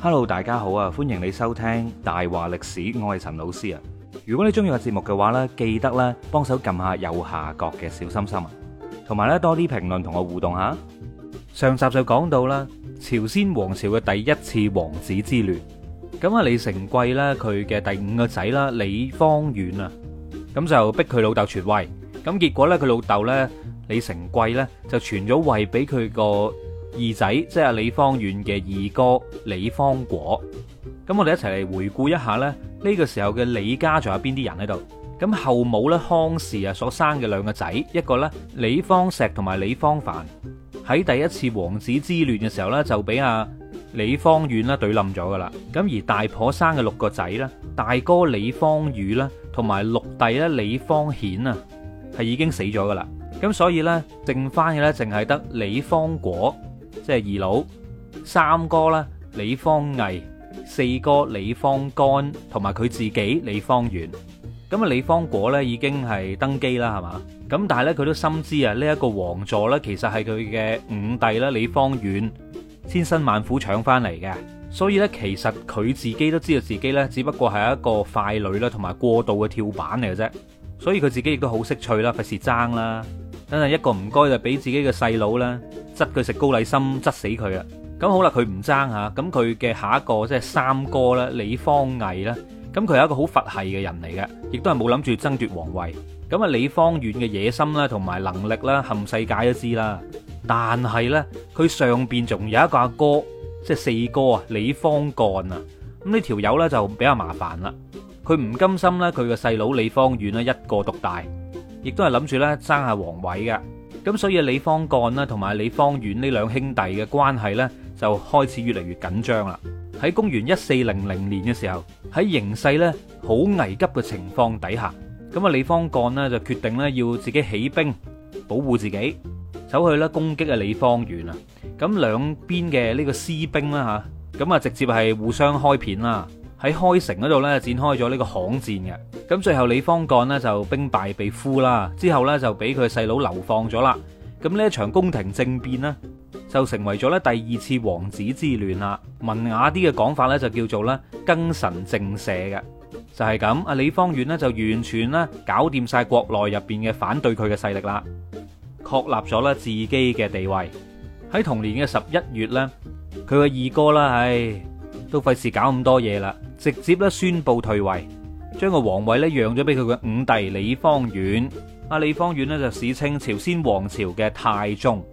hello，大家好啊，歡迎你收聽大話歷史，我係陳老師啊。如果你中意個節目嘅話呢，記得咧幫手撳下右下角嘅小心心啊，同埋呢多啲評論同我互動下。上集就講到啦，朝鮮王朝嘅第一次王子之亂，咁啊李成桂呢，佢嘅第五個仔啦李芳遠啊，咁就逼佢老豆傳位，咁結果呢，佢老豆呢，李成桂呢，就傳咗位俾佢個二仔即係李芳遠嘅二哥李芳果，咁我哋一齊嚟回顧一下呢，呢、這個時候嘅李家仲有邊啲人喺度？咁後母呢，康氏啊所生嘅兩個仔，一個呢，李芳石同埋李芳凡喺第一次王子之亂嘅時候呢，就俾阿、啊、李芳遠咧懟冧咗噶啦。咁而大婆生嘅六個仔呢，大哥李芳雨呢，同埋六弟咧李芳顯啊係已經死咗噶啦。咁所以呢，剩翻嘅呢，淨係得李方果。即係二佬，三哥咧，李方毅，四哥李方幹同埋佢自己李方遠，咁啊李方果，呢已經係登基啦，係嘛？咁但係呢，佢都深知啊，呢一個王座呢，其實係佢嘅五弟啦李方遠千辛萬苦搶翻嚟嘅，所以呢，其實佢自己都知道自己呢，只不過係一個傀儡啦，同埋過渡嘅跳板嚟嘅啫，所以佢自己亦都好識趣啦，費事爭啦。真係一個唔該就俾自己嘅細佬啦，窒佢食高麗參，窒死佢啊！咁好啦，佢唔爭吓，咁佢嘅下一個即係三哥啦，李方毅啦，咁佢係一個好佛系嘅人嚟嘅，亦都係冇諗住爭奪皇位。咁啊，李方遠嘅野心啦，同埋能力啦，冚世界都知啦。但係咧，佢上邊仲有一個阿哥，即係四哥啊，李方幹啊，咁呢條友咧就比較麻煩啦。佢唔甘心咧，佢嘅細佬李方遠咧一個獨大。亦都係諗住咧爭下皇位嘅，咁所以李方幹啦同埋李方遠呢兩兄弟嘅關係咧就開始越嚟越緊張啦。喺公元一四零零年嘅時候，喺形勢咧好危急嘅情況底下，咁啊李方幹咧就決定咧要自己起兵保護自己，走去咧攻擊啊李方遠啊。咁兩邊嘅呢個私兵啦嚇，咁啊直接係互相開片啦。喺開城嗰度咧展開咗呢個巷戰嘅，咁最後李方幹呢就兵敗被俘啦，之後呢就俾佢細佬流放咗啦。咁呢一場宮廷政變呢，就成為咗咧第二次王子之亂啦。文雅啲嘅講法呢，就叫做咧「更神正社」嘅，就係咁。阿李方遠呢，就完全呢搞掂晒國內入邊嘅反對佢嘅勢力啦，確立咗咧自己嘅地位。喺同年嘅十一月呢，佢嘅二哥啦，唉，都費事搞咁多嘢啦。直接咧宣布退位，將個皇位咧讓咗俾佢嘅五弟李芳遠。阿李芳遠咧就史稱朝鮮王朝嘅太宗。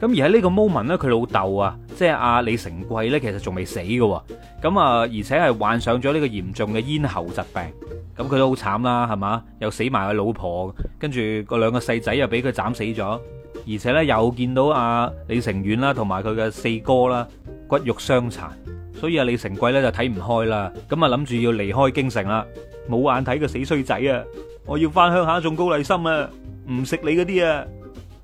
咁而喺呢個 moment 咧，佢老豆啊，即係阿李成桂呢，其實仲未死嘅。咁啊，而且係患上咗呢個嚴重嘅咽喉疾病。咁佢都好慘啦，係嘛？又死埋佢老婆，跟住嗰兩個細仔又俾佢斬死咗。而且呢，又見到阿李成遠啦，同埋佢嘅四哥啦，骨肉相殘。所以啊，李成桂咧就睇唔開啦，咁啊諗住要離開京城啦，冇眼睇個死衰仔啊！我要翻鄉下種高麗參啊，唔食你嗰啲啊，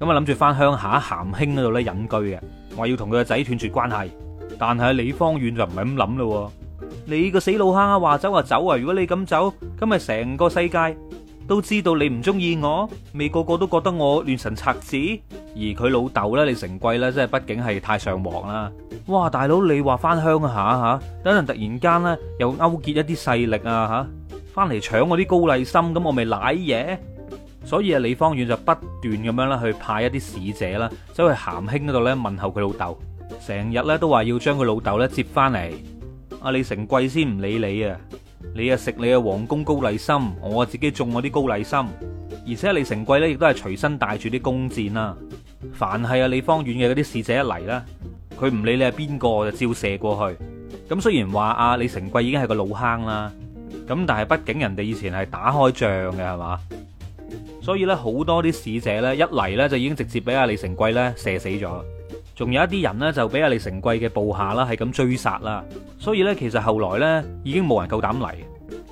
咁啊諗住翻鄉下咸興嗰度咧隱居嘅，話要同佢個仔斷絕關係。但係李芳遠就唔係咁諗咯，你個死老坑啊，話走啊走啊！如果你咁走，咁咪成個世界。都知道你唔中意我，未個個都覺得我亂臣賊子。而佢老豆咧，李成桂呢，真係畢竟係太上皇啦。哇，大佬你話翻鄉下，吓、啊、等陣突然間咧又勾結一啲勢力啊吓，翻嚟搶我啲高麗參咁我咪瀨嘢。所以啊，李芳遠就不斷咁樣咧去派一啲使者啦，走去咸興嗰度呢問候佢老豆，成日呢都話要將佢老豆咧接翻嚟。阿李成桂先唔理你啊！你你啊食你嘅皇宮高麗參，我自己種我啲高麗參，而且李成貴咧亦都係隨身帶住啲弓箭啦。凡係啊，李芳遠嘅嗰啲使者一嚟啦，佢唔理你係邊個就照射過去。咁雖然話啊，李成貴已經係個老坑啦，咁但係畢竟人哋以前係打開仗嘅係嘛，所以咧好多啲使者咧一嚟咧就已經直接俾阿李成貴咧射死咗，仲有一啲人呢，就俾阿李成貴嘅部下啦係咁追殺啦。所以咧，其實後來咧，已經冇人夠膽嚟。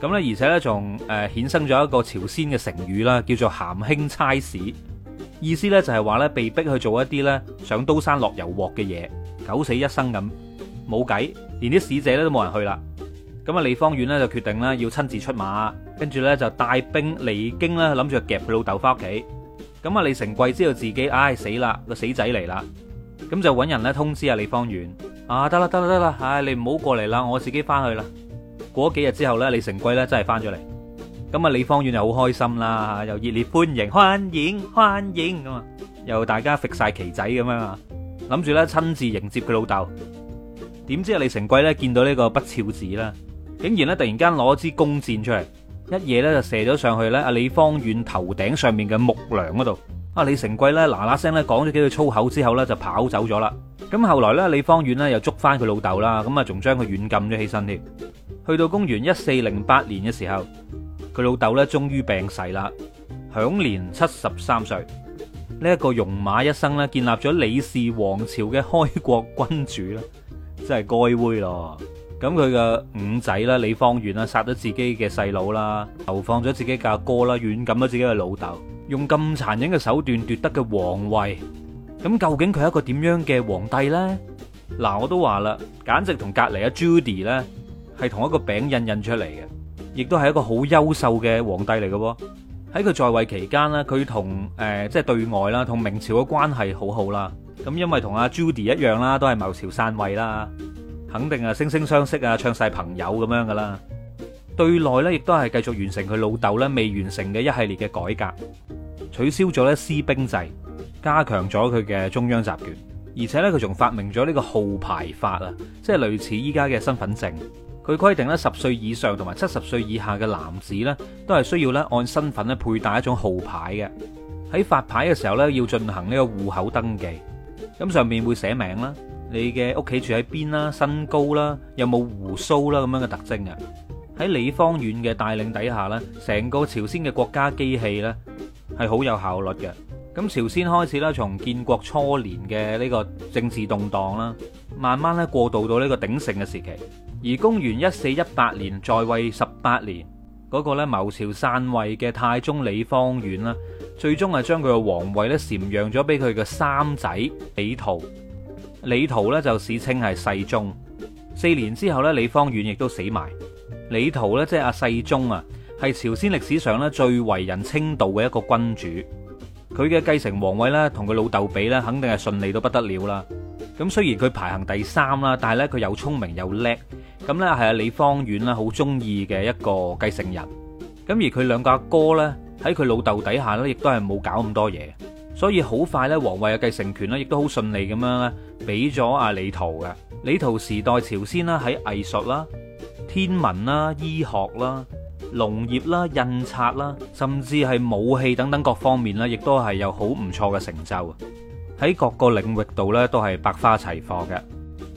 咁咧，而且咧，仲誒衍生咗一個朝鮮嘅成語啦，叫做咸興差使。意思咧就係話咧，被逼去做一啲咧上刀山落油鑊嘅嘢，九死一生咁，冇計。連啲使者咧都冇人去啦。咁啊，李芳遠咧就決定咧要親自出馬，跟住咧就帶兵離京咧，諗住夾佢老豆翻屋企。咁啊，李，李成桂知道自己唉、哎、死啦，個死仔嚟啦，咁就搵人咧通知啊李芳遠。啊，得啦，得啦，得啦，唉、啊，你唔好過嚟啦，我自己翻去啦。過咗幾日之後咧，李成桂咧真係翻咗嚟，咁啊，李芳遠就好開心啦，又熱烈歡迎，歡迎，歡迎，咁啊，又大家食晒旗仔咁啊，諗住咧親自迎接佢老豆。點知啊，李成桂咧見到呢個不肖子啦，竟然咧突然間攞支弓箭出嚟，一嘢咧就射咗上去咧，阿李芳遠頭頂上面嘅木樑嗰度。啊！李成桂咧嗱嗱聲咧講咗幾句粗口之後咧就跑走咗啦。咁後來咧李芳遠呢又捉翻佢老豆啦，咁啊仲將佢軟禁咗起身添。去到公元一四零八年嘅時候，佢老豆咧終於病逝啦，享年七十三歲。呢、這、一個戎馬一生咧，建立咗李氏王朝嘅開國君主啦，真係該煨咯。咁佢嘅五仔啦，李芳遠啦，殺咗自己嘅細佬啦，流放咗自己嘅阿哥啦，軟禁咗自己嘅老豆。用咁殘忍嘅手段奪得嘅皇位，咁究竟佢係一個點樣嘅皇帝咧？嗱，我都話啦，簡直同隔離阿 Judy 咧係同一個餅印印出嚟嘅，亦都係一個好優秀嘅皇帝嚟嘅喎。喺佢在位期間咧，佢同誒即係對外啦，同明朝嘅關係好好啦。咁因為同阿 Judy 一樣啦，都係謀朝篡位啦，肯定啊惺惺相惜啊，唱曬朋友咁樣噶啦。對內咧，亦都係繼續完成佢老豆咧未完成嘅一系列嘅改革。取消咗咧私兵制，加強咗佢嘅中央集權，而且咧佢仲發明咗呢個號牌法啊，即係類似依家嘅身份證。佢規定咧十歲以上同埋七十歲以下嘅男子咧，都係需要咧按身份咧佩戴一種號牌嘅。喺發牌嘅時候咧，要進行呢個戶口登記，咁上面會寫名啦，你嘅屋企住喺邊啦，身高啦，有冇鬍鬚啦咁樣嘅特徵啊。喺李芳遠嘅帶領底下咧，成個朝鮮嘅國家機器咧，係好有效率嘅。咁朝鮮開始啦，從建國初年嘅呢個政治動盪啦，慢慢咧過渡到呢個鼎盛嘅時期。而公元一四一八年在位十八年嗰、那個咧，謀朝篡位嘅太宗李芳遠啦，最終啊將佢嘅皇位咧禪讓咗俾佢嘅三仔李圖。李圖咧就史稱係世宗。四年之後咧，李芳遠亦都死埋。李圖咧即係阿世宗啊。係朝鮮歷史上咧最為人稱道嘅一個君主，佢嘅繼承皇位咧同佢老豆比咧，肯定係順利到不得了啦。咁雖然佢排行第三啦，但係咧佢又聰明又叻，咁咧係阿李芳遠啦好中意嘅一個繼承人。咁而佢兩個阿哥咧喺佢老豆底下咧，亦都係冇搞咁多嘢，所以好快咧皇位嘅繼承權咧，亦都好順利咁樣咧俾咗阿李圖嘅。李圖時代朝鮮啦喺藝術啦、天文啦、醫學啦。農業啦、印刷啦，甚至係武器等等各方面啦，亦都係有好唔錯嘅成就。喺各個領域度咧，都係百花齊放嘅。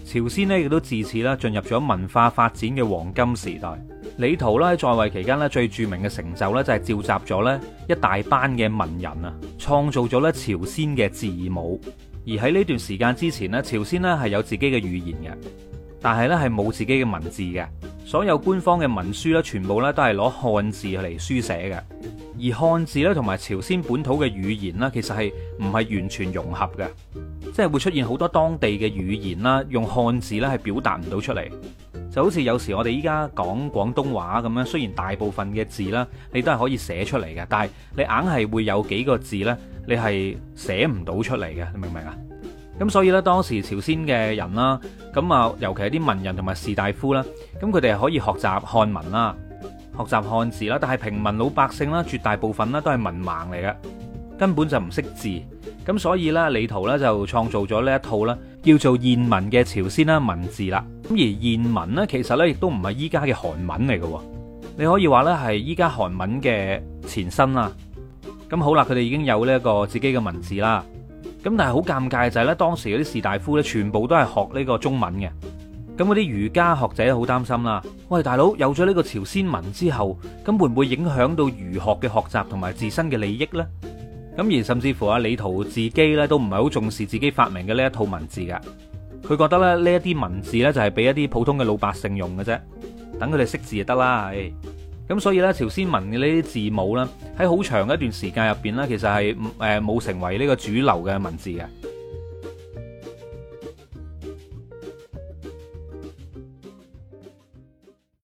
朝鮮呢，亦都自此咧進入咗文化發展嘅黃金時代。李祹咧，在位期間呢，最著名嘅成就咧，就係召集咗咧一大班嘅文人啊，創造咗咧朝鮮嘅字母。而喺呢段時間之前呢，朝鮮呢係有自己嘅語言嘅，但係咧係冇自己嘅文字嘅。所有官方嘅文書咧，全部咧都係攞漢字嚟書寫嘅，而漢字咧同埋朝鮮本土嘅語言啦，其實係唔係完全融合嘅，即係會出現好多當地嘅語言啦，用漢字咧係表達唔到出嚟，就好似有時我哋依家講廣東話咁樣，雖然大部分嘅字啦，你都係可以寫出嚟嘅，但係你硬係會有幾個字咧，你係寫唔到出嚟嘅，你明唔明啊？咁所以咧，當時朝鮮嘅人啦，咁啊，尤其係啲文人同埋士大夫啦，咁佢哋係可以學習漢文啦，學習漢字啦，但係平民老百姓啦，絕大部分啦都係文盲嚟嘅，根本就唔識字。咁所以咧，李朝咧就創造咗呢一套啦，叫做諺文嘅朝鮮啦文字啦。咁而諺文咧，其實咧亦都唔係依家嘅韓文嚟嘅，你可以話咧係依家韓文嘅前身啦。咁好啦，佢哋已經有呢一個自己嘅文字啦。咁但係好尷尬就係咧，當時嗰啲士大夫咧全部都係學呢個中文嘅。咁嗰啲儒家學者好擔心啦。「喂，大佬有咗呢個朝鮮文之後，咁會唔會影響到儒學嘅學習同埋自身嘅利益呢？」咁而甚至乎啊李圖自己咧都唔係好重視自己發明嘅呢一套文字嘅。佢覺得咧呢一啲文字咧就係俾一啲普通嘅老百姓用嘅啫，等佢哋識字就得啦。唉。咁所以呢，朝鮮文嘅呢啲字母呢，喺好長一段時間入邊呢，其實係誒冇成為呢個主流嘅文字嘅。